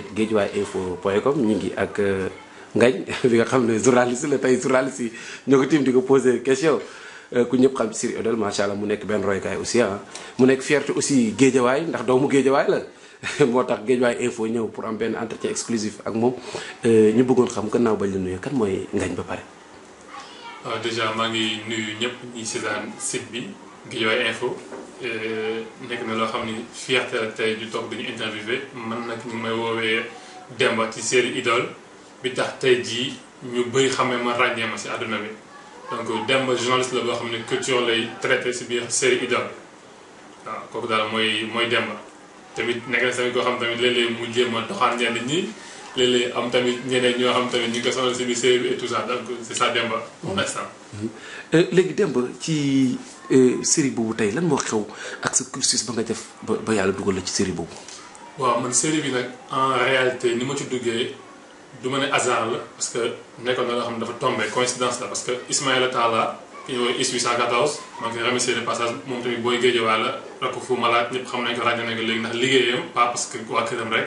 net géejuwaay info point com ñu ngi ak euh, Ngagne nga xam ne journaliste la tey journaliste ñoo ko tiim di ko posé question euh, ku ñëpp xam Siri Odel macha allah mu nekk benn roykaay aussi ah mu nekk fierté aussi géejawaay ndax doomu géejawaay la moo tax géejawaay info ñëw pour am benn entretien exclusif ak moom euh, ñu bëggoon xam gannaaw bañ la nuyu kan mooy Ngagne ba pare. Ah, déjà maa ngi nuyu ñëpp ñi seetaan site bi géejawaay info. nekk na loo xam ni fierté la tey ñu toog dañu interviewé man nag ñu may woowee Demba ci série Idole bi tax tey jii ñu bëri xamee ma ràññee ma si àdduna bi donc Demba journaliste la boo xam ne culture lay traité si biir série Idole waaw kooku daal mooy mooy Demba tamit nekk na tamit koo xam tamit léeg mu jéem a doxaan ñenn ñi léeg am tamit ñeneen ñoo xam tamit ñu ngi ko sonal si biir série bi et tout ça mm-hmm. euh, léegi Demba ci euh, série boobu tey lan moo xew ak sa cursus ba nga def ba ba yàlla dugal la ci série boobu. waaw man série bi nag en réalité ni ma ci duggee du ma ne hasard la parce que nekkoon na loo xam ne dafa tombé coïncidence la parce que Ismaïla Talla ki ñu woowee IS 814 maa ngi koy remercier de passage moom tamit booy géejewaay la rakk fu malaat ñëpp xam nañ ko ràññee nañ ko léegi ndax liggéeyam pas parce waa këram rek.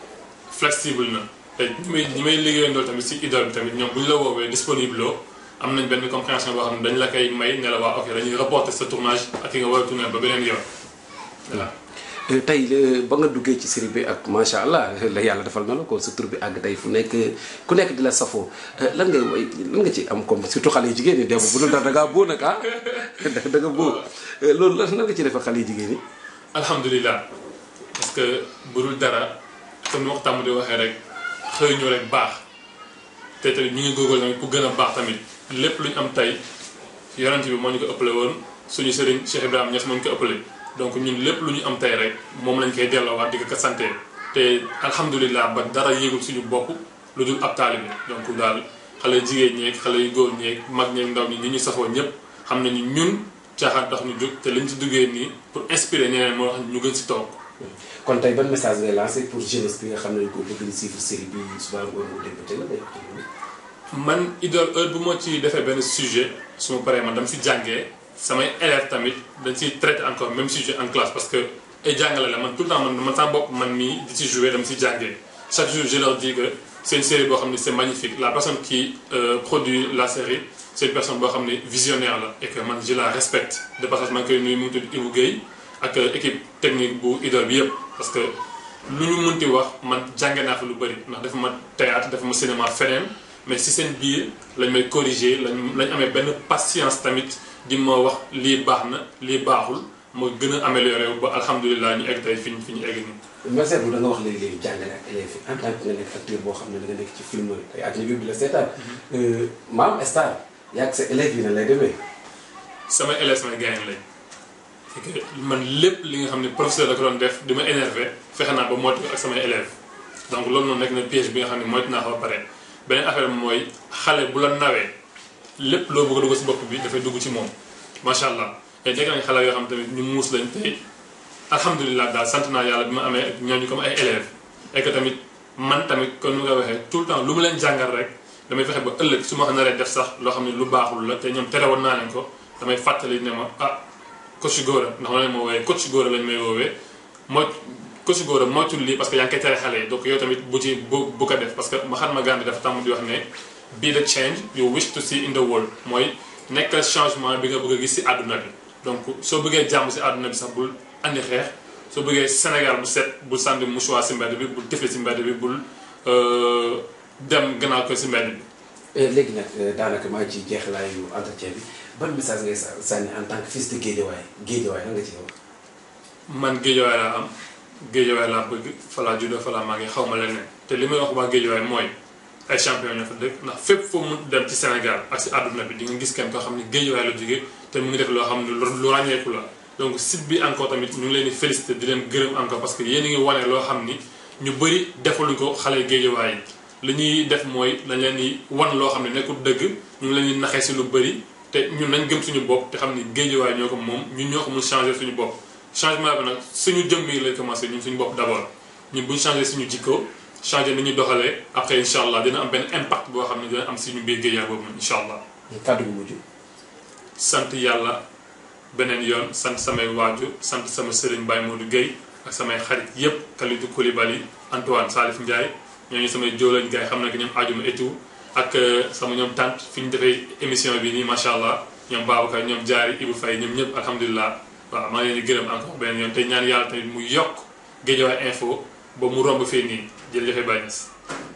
flexible na te ñi ñi may tamit si idole tamit ñoom bu ñu la woowee disponible loo am nañ benn compréhension boo xam ne dañ la koy may ne la waa ok dañuy reporter sa tournage ak yi nga war a tourner ba beneen yoon voilà. Euh, tey euh, ba nga duggee ci série bi ak macha allah la yàlla defal melo ko sa tur bi àgg tey fu nekk ku nekk di la safoo euh, lan ngay way lan nga ci am comme surtout xale yu jigéen ñi démb bu dul dara da ngaa boo nag ah da boo loolu lan nga ci defal xale yu jigéen ñi. alhamdulilah parce que bu dara. comme ni wax mu di waxee rek xëy ñu rek baax te tamit ñu ngi góorgóorlu tamit ku gën a baax tamit lépp lu ñu am tey yonent bi moo ñu ko ëppale woon suñu sëriñ Cheikh Ibrahima Niass moo ñu ko ëppale donc ñun lépp lu ñu am tey rek moom lañ koy delloowaat di ko ko sante te alhamdulilah ba dara yéegul suñu bokk lu dul ab taalibe donc daal xale jigéen ñeeg xale yu góor ñeek mag ñeeg ndaw ñi ñi ñu safoo ñëpp xam nañu ñun caaxaan tax ñu jóg te liñ ci duggee nii pour inspirer ñeneen moo wax ñu gën si toog kon tay ban message ngay lancé pour jeunesse bi nga xam ne ko bëgg na suivre série bi souvent au niveau des côtés la man idole heure bu moo ci defee benn sujet su ma paree man dama si jàngee samay élève tamit dañ siy traité encore même sujet en classe parce que ay jàngale la man tout le temps man man sama bopp man mii di si jouer dama si jàngee chaque jour je leur dis que c'est une série boo xam ne c'est magnifique la personne qui euh, produit la série c'est une personne boo xam ne visionnaire la et que man je la respecte de passage man ngi koy nuyu mu tudd Ibou ak euh, équipe technique bu idole bi yëpp parce que lu ñu munti wax man jànge lu bëri ndax dafa ma théâtre dafa ma cinéma feneen mais si seen biir lañ may corriger lañ lañ amee benn patience tamit di ma wax lii baax na lii baaxul ma gën a amélioré wu ba alhamdulilah ñu egg tey fi ñu fi ñu egg nii. ma seetlu wax léegi-léegi jàngale ak élèves yi en boo xam ne da nga ci film ay at bi la seetaan. Mhm. Euh, maam star yaa sa élèves yi na lay demee. sama élèves may gaañ lañ. man lépp li nga xam ne professeur da ko doon def di ma énervé fexe naa ba moytu ak samay élève donc loolu noonu nekk na piège bi nga xam ne moytu naa ko ba pare beneen affaire bi mooy xale bu la nawee lépp loo bëgg a dugg si bopp bi dafay dugg ci moom macha allah tey jege nañ xale yoo xam tamit ñu muus lañ tey alhamdulilah daal sant naa yàlla bi ma amee ak ñooñu comme ay élève et que tamit man tamit kon nu nga waxee tout le temps lu mu leen jàngal rek damay fexe ba ëllëg su ma naree def sax loo xam ne lu baaxul la te ñoom terewoon naa leen ko damay fàttali ne ma ah coach góor a ndax ma leen moo woowee coach góor a lañ may mooy coach lii parce que yaa ngi tere xale yi donc yow tamit bu ci bu bu ko def parce que Mahatma Gandhi dafa tàmm di wax ne be the change you wish to see in the world mooy nekkal changement bi nga bëgg a gis si àdduna bi donc soo bëggee jàmm si àdduna bi sax bul andi xeex soo bëggee Sénégal bu set bul sànni mouchoir si mbedd bi bul tifli si mbedd bi bul euh, dem gannaaw ko si mbedd bi Eh, léegi nag eh, daanaka maa ngi ciy jeexalaayu entretien bi ban message ngay sànni en tant que fils de Guédiawaye Guédiawaye lan nga ciy wax. man Guédiawaye laa am Guédiawaye laa bëgg fa laa juddoo maa ngi xaw ma leneen te li may wax waa Guédiawaye mooy ay champion ñoo fa dëkk ndax fépp foo mu dem ci Sénégal ak si àdduna bi di nga gis kenn koo xam ne Guédiawaye la jógee te mu ngi def loo xam ne lu ràññeeku la donc site bi encore tamit ñu leen di féliciter di leen gërëm encore parce que yéen a ngi loo xam ni ñu bëri defaluñ ko xale Guédiawaye yi li ñuy def mooy dañ leen di wan loo xam ne nekkul dëgg ñu ngi leen di naxee si lu bëri te ñun nañ gëm suñu bopp te xam ni géejewaay ñoo ko moom ñun ñoo ko mun changer suñu bopp changement bi nag suñu jëmm yi lay commencé ñun suñu bopp d'abord ñun buñ changer suñu jikko changer ni ñuy doxalee après incha allah dina am benn impact boo xam ne dina am suñu biir géejewaay boobu noonu incha allah. kàddu gu mujj. sant yàlla beneen yoon sant samay waajur sant sama sëriñ Baye Modou Guèye ak samay xarit yépp Kalidou Koulibaly Antoine Salif Ndiaye. ñooñu samay jóo lañ gars yi xam na que ñoom ajuma et tout ak euh, sama ñoom tant fi ñu defee émission bi nii macha allah ñoom Babacar ñoom Diary Ibou fay ñoom ñëpp alhamdulilah waaw maa ngi leen di gërëm encore benn yoon te ñaan yàlla tamit mu yokk Guédiawaye info ba mu romb fii nii jël jafe bàyyi